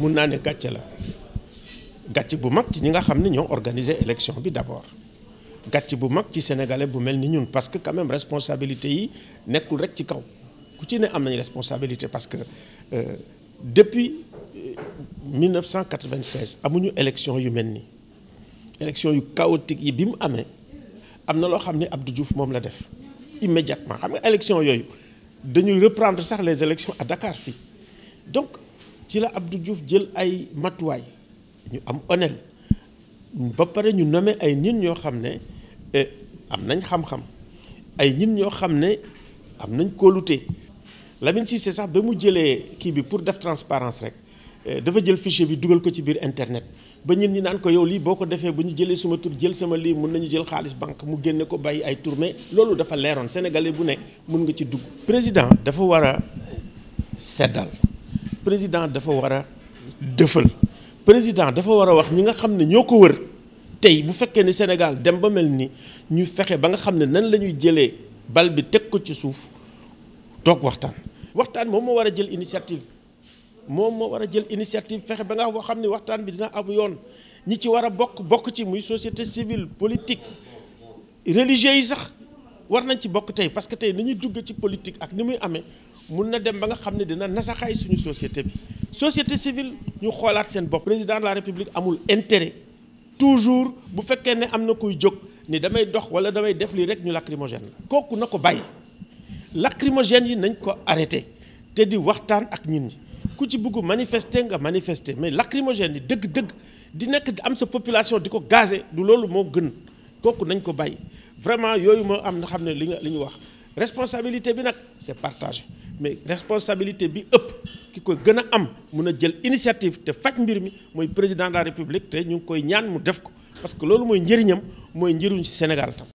mun naa ne gàcce la gàcce bu mag ci ñi nga xam ne ñoo organiser élection bi d'abord gàcce bu mag ci sénégalais bu mel ni ñun parce que quand responsabilité yi nekkul rek ci kaw ku ci ne am nañu responsabilité parce que euh, depuis 1996 euh, amuñu élection yu mel ni élection yu chaotique yi bi mu amee am na loo xam ne Abdou Diouf moom la def immédiatement xam nga élection yooyu dañuy reprendre sax les élections à Dakar fii donc ci la Abdou juuf jël ay matuwaay ñu am onel ba pare ñu nommé ay nit ñoo xam ne eh, am nañ xam-xam ay nit ñoo xam ne am nañ kóolute Lamine Cissé sax ba mu jëlee kii bi pour def transparence rek eh, dafa jël fichier bi dugal ko ci biir internet ba ñun ñi naan ko yow lii boo ko defee bu ñu jëlee suma tur jël sama lii mun nañu jël xaalis banque mu génne ko bàyyi ay tur loolu dafa leeroon sénégalais bu ne mun nga ci dugg président dafa war a seddal président dafa war a dëfal président dafa war a wax ñi nga xam ne ñoo ko wër tey bu fekkee ni Sénégal dem ba mel ni ñu fexe ba nga xam ne nan la ñuy jëlee bal bi teg ko ci suuf toog waxtaan. waxtaan moom moo war a jël initiative moom moo war a jël initiative fexe ba nga xam ne waxtaan bi dina am yoon ñi ci war a bokk bokk ci muy société civile politique religieux yi sax war nañ ci bokk tey parce que tey ni ñuy dugg ci politique ak ni muy amee. mun na dem ba nga xam ne dina nasaxaay suñu société bi société civile ñu xoolaat seen bopp président de la république amul intérêt toujours bu fekkee ne am na koy jóg ni damay dox wala damay def lii rek ñu lacrymogène la kooku na ko bàyyi lacrymogène yi nañ ko arrété te di waxtaan ak ñin ñi ku ci bugg manifesté nga manifester mais lacrymogène yi dëgg-dëgg di nekk am sa population di ko gazé du loolu moo gën kooku nañ ko bàyyi vraiment yooyu moo am na xam ne li nga li ñu wax responsabilité bi nag c'est partagé mais responsabilité bi ëpp ki ko gën a am mun a jël initiative te faj mbir mi mooy président de la république te ñu ngi koy ñaan mu def ko parce que loolu mooy njëriñam mooy njëriñ ci Sénégal tam